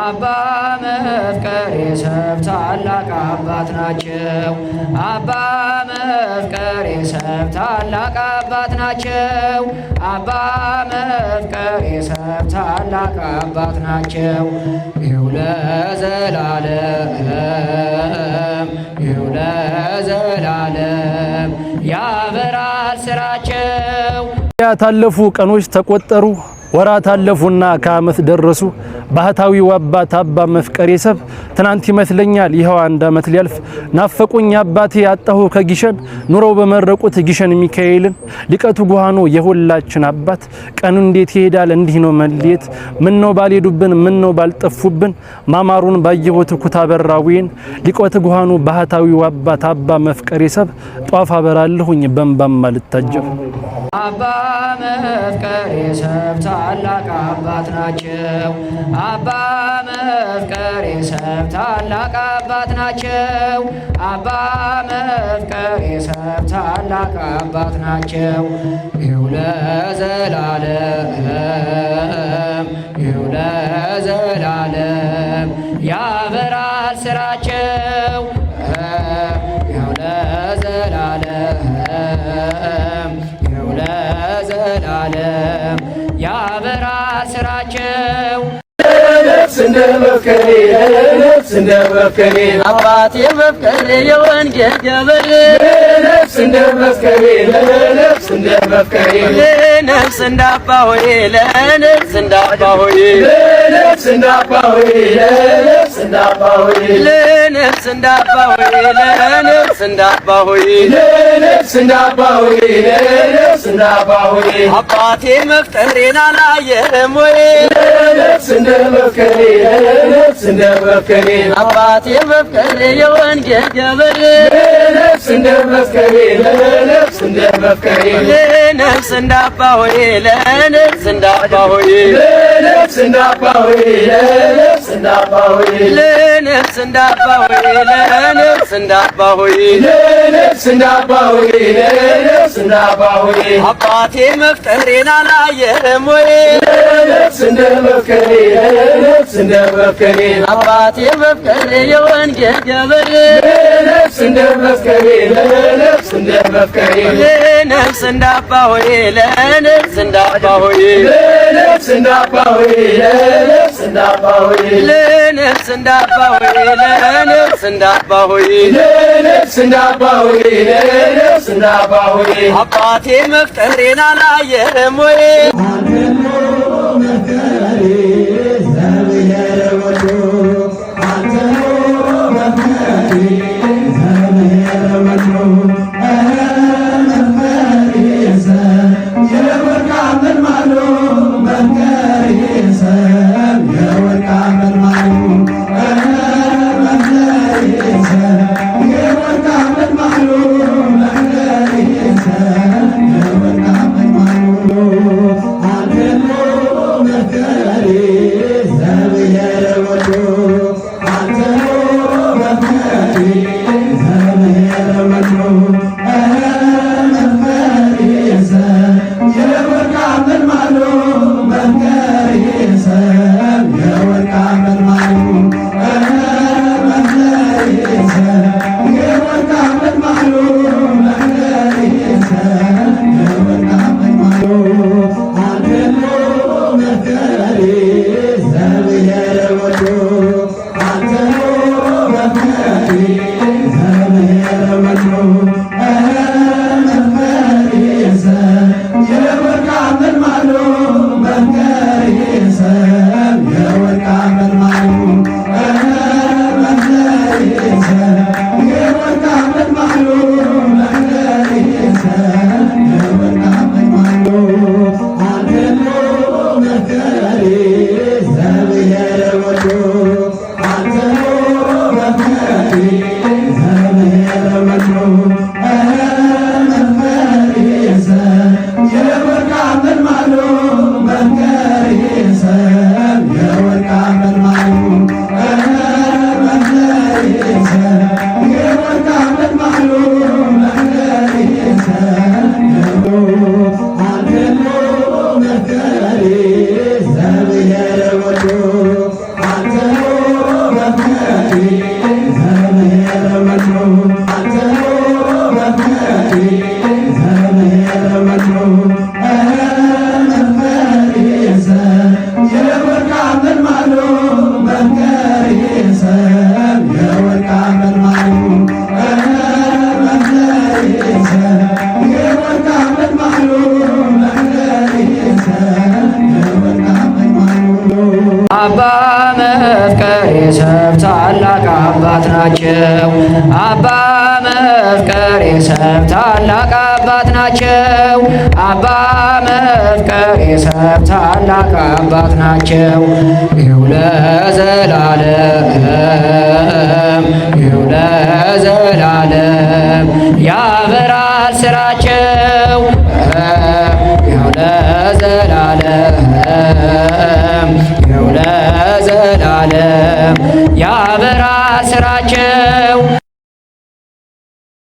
አባ መፍቀሬ ሰብ ታላቅ አባት ናቸው። አባ መፍቀሬ ሰብ ታላቅ አባት ናቸው። አባ መፍቀሬ ሰብ ታላቅ አባት ናቸው። ይው ለዘላለም ይው ለዘላለም ያበራል ስራቸው። ያታለፉ ቀኖች ተቆጠሩ። ወራት አለፉና ከዓመት ደረሱ። ባህታዊ አባት አባ መፍቀሬ ሰብ ትናንት ይመስለኛል ይኸው አንድ አመት ሊያልፍ ናፈቁኝ አባቴ ያጣሁ ከጊሸን ኑረው በመረቁት ጊሸን ሚካኤልን ሊቀቱ ጉሃኖ የሁላችን አባት ቀኑ እንዴት ይሄዳል እንዲህ ነው መልየት መለየት ምነው ባልሄዱብን ነው ባልጠፉብን ማማሩን ባየሁት ኩታበራዊን ሊቀቱ ጉሃኖ ባህታዊ አባት አባ መፍቀሬ ሰብ ጧፍ አበራለሁኝ በንባማ ልታጀብ አባ በእንባም አልታጀብ ታላቅ አባት ናቸው። አባ መፍቀሬ ሰብ ታላቅ አባት ናቸው። አባ መፍቀሬ ሰብ ታላቅ አባት ናቸው። ያበራል ስራቸው እንደ መፍከሬ አባቴ መፍከሬ የወንጌል ገበሬ ነፍስ እንደ መፍከሬ ለነፍስ እንደ መፍከሬ ለነፍስ እንዳባ ሆዬ ለነፍስ እንዳባ ሆዬ ለነፍስ እንዳባ ሆዬ ለነፍስ ለነፍስ እንዳባ ሆይ ለነፍስ እንዳባ ሆይ ለነፍስ እንዳባ ሆይ አባቴ መፍጠሬን አላየህም ወይ ለነፍስ እንደመፍከሬ ለነፍስ እንደመፍከሬ አባቴ መፍከሬ የወንጌል ገበሬ ለነፍስ እንደመፍከሬ ለነፍስ እንደመፍከሬ ለነፍስ እንዳባ ሆይ ለነፍስ እንዳባ ሆይ ለነፍስ እንዳባ ሆይ ለነፍስ እንዳባ ሆይ ለነፍስ እንዳባ ሆይ ለነፍስ እንዳባ ሆይ ለነፍስ እንዳባ ሆይ አባቴ መፍጠሬን አላየህም ወይ ለነፍስ እንደ መፍከሬ ለነፍስ እንደ መፍከሬ አባቴ መፍጠሬ የወንጌል ገበሬ ለነፍስ እንደ መፍከሬ ለነፍስ እንደ መፍከሬ ለነፍስ እንዳባ ሆይ ለነፍስ እንዳባ ሆይ ለነፍስ እንዳባ ሆይ ለነፍስ እንዳባ ሆይ ለነፍስ እንዳባሆይ ለነፍስ እንዳባሆይ ለነፍስ እንዳባሆይ ለነፍስ አባቴ መፍጠሬን አላየህም ወይ? ታላቅ አባት ናቸው። አባ መፍቀሬ ሰብ ታላቅ አባት ናቸው። አባ መፍቀሬ ሰብ ታላቅ አባት ናቸው። ይው ለዘላለም ይው ለዘላለም ያ